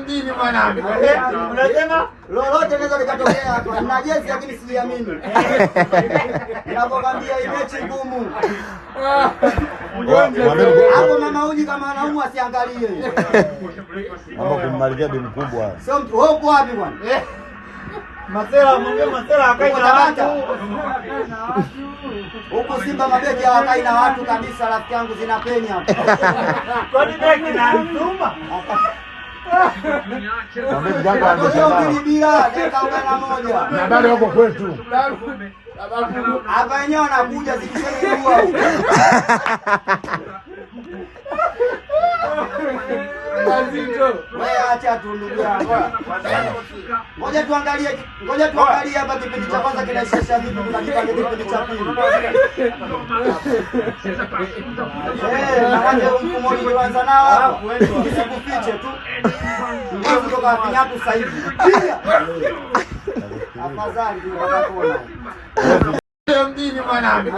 mjini mwanangu, unasema lolote linaweza likatokea na jezi, lakini sijiamini ninapokwambia mechi ngumu. Hapo mama uji kama anaumwa asiangalie, ama kummalizia demu kubwa. Sio mtu wewe, uko wapi bwana? Eh. Masela mwambie Masela akai na watu huku Simba mabeki hawakai na watu kabisa, rafiki yangu zinapenya hapo. Kwani beki na mtumba na bado wako kwetu hapa wenyewe wanakuja wewe acha tu ndugu yangu. Ngoja tuangalie, ngoja tuangalie hapa kipindi cha kwanza kinaisha vipi, kuna kipindi cha pili. Eh, maana mfumo ulianza nao hapa. Usikufiche tu. Wewe kutoka wapi hapo sasa hivi? Afadhali unataka ya mjini mwanangu.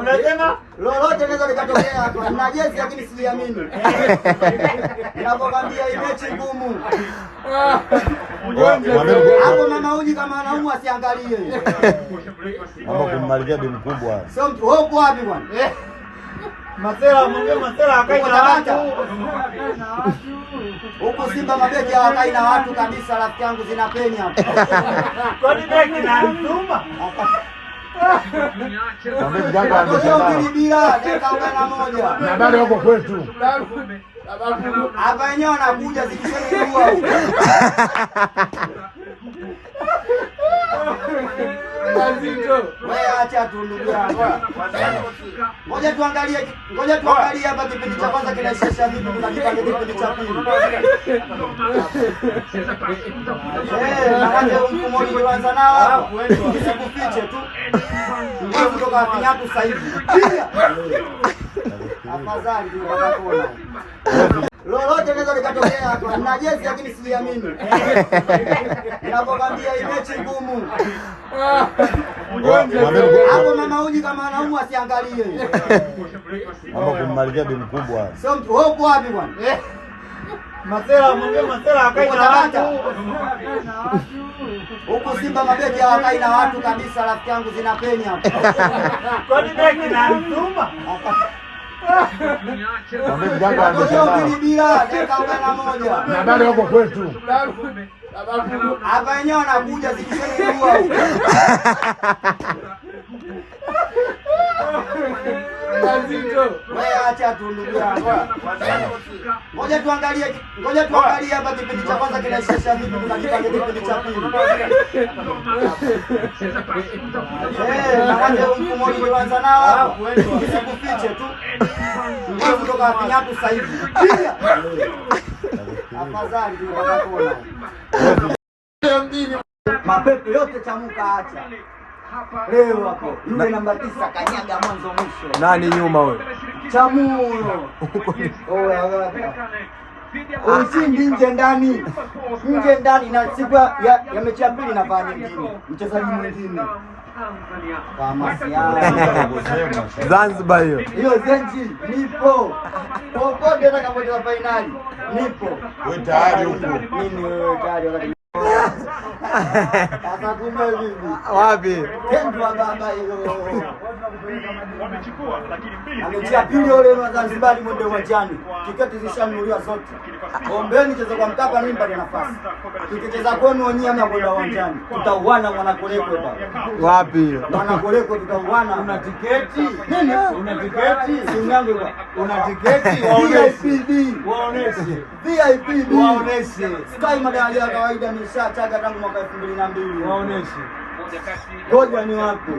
Unasema lolote naweza likatokea hapa. Nina jezi lakini siliamini. Ninakwambia hii mechi ngumu. Hapo mama uji kama anaumwa asiangalie. Mama kumalizia bi mkubwa. Sio mtu huko wapi bwana? Eh. Masela mwambie Masela akai na watu. Huko Simba mabeki hawakai na watu kabisa, rafiki yangu zinapenya hapo. Kwani beki na mtuma? na bado wako kwetu hapa wenyewe acha tu ndugu yangu, ngoja tuangalie, hapa kipindi cha kwanza kinaisha vipi, kuna kipindi cha pili. Maanake mfumo ulioanza nao hapo bahati yako sasa hivi. Afadhali tunapata lolote likatokea. jezi lakini hii mechi ngumu. Hapo mama uji kama anaumwa asiangalie, bi mkubwa. Sio mtu, wapi bwana? Masela, mwambie Masela hakai na watu. Huku Simba mabeki hawakai na watu kabisa, rafiki yangu zinapenya hapo. Kwani beki na mtumba? Bila na bado wako kwetu. Hapa wenyewe wanakuja zikishaua huko. Acha tu ndugu yangu. Ngoja tuangalie, ngoja tuangalie hapa kipindi cha kwanza kinaisha vipi, kuna kipande kipindi cha pili. Eh, nawaje huko mmoja kuanza nao hapo. Usikufiche tu. Wewe kutoka wapi hapo sasa hivi. Afadhali ndio baba kuona. Mapepo yote chamuka acha leo hapo yule namba tisa kanyaga mwanzo mwisho. Nani nyuma huyo? Chamuro ushindi ah, nje ndani nje ndani, na siku ya, ya mechi ya pili nafanya nyingine mchezaji mwingine Zanzibar hiyo hiyo Zenji, nipo popote atakapocheza fainali, nipo wewe tayari huko mimi, tayari Wapi? Ametia pili ole wa Zanzibar mwende uwanjani. Tiketi zishanunuliwa zote. Ombeni cheza kwa Mkapa nini pale nafasi. Tukicheza kwenu wenyewe ama kwenda uwanjani. Tutauana mwanakolekwe baba. Wapi? Mwanakolekwe tutauana. Una tiketi? Nini? Una tiketi? Simu yangu baba. Una tiketi? Waoneshe. VIP. Waoneshe. VIP. Waoneshe. Sky madali ya kawaida ni nilishataga tangu mwaka elfu mbili na mbili. Waoneshe ngoja ni wapo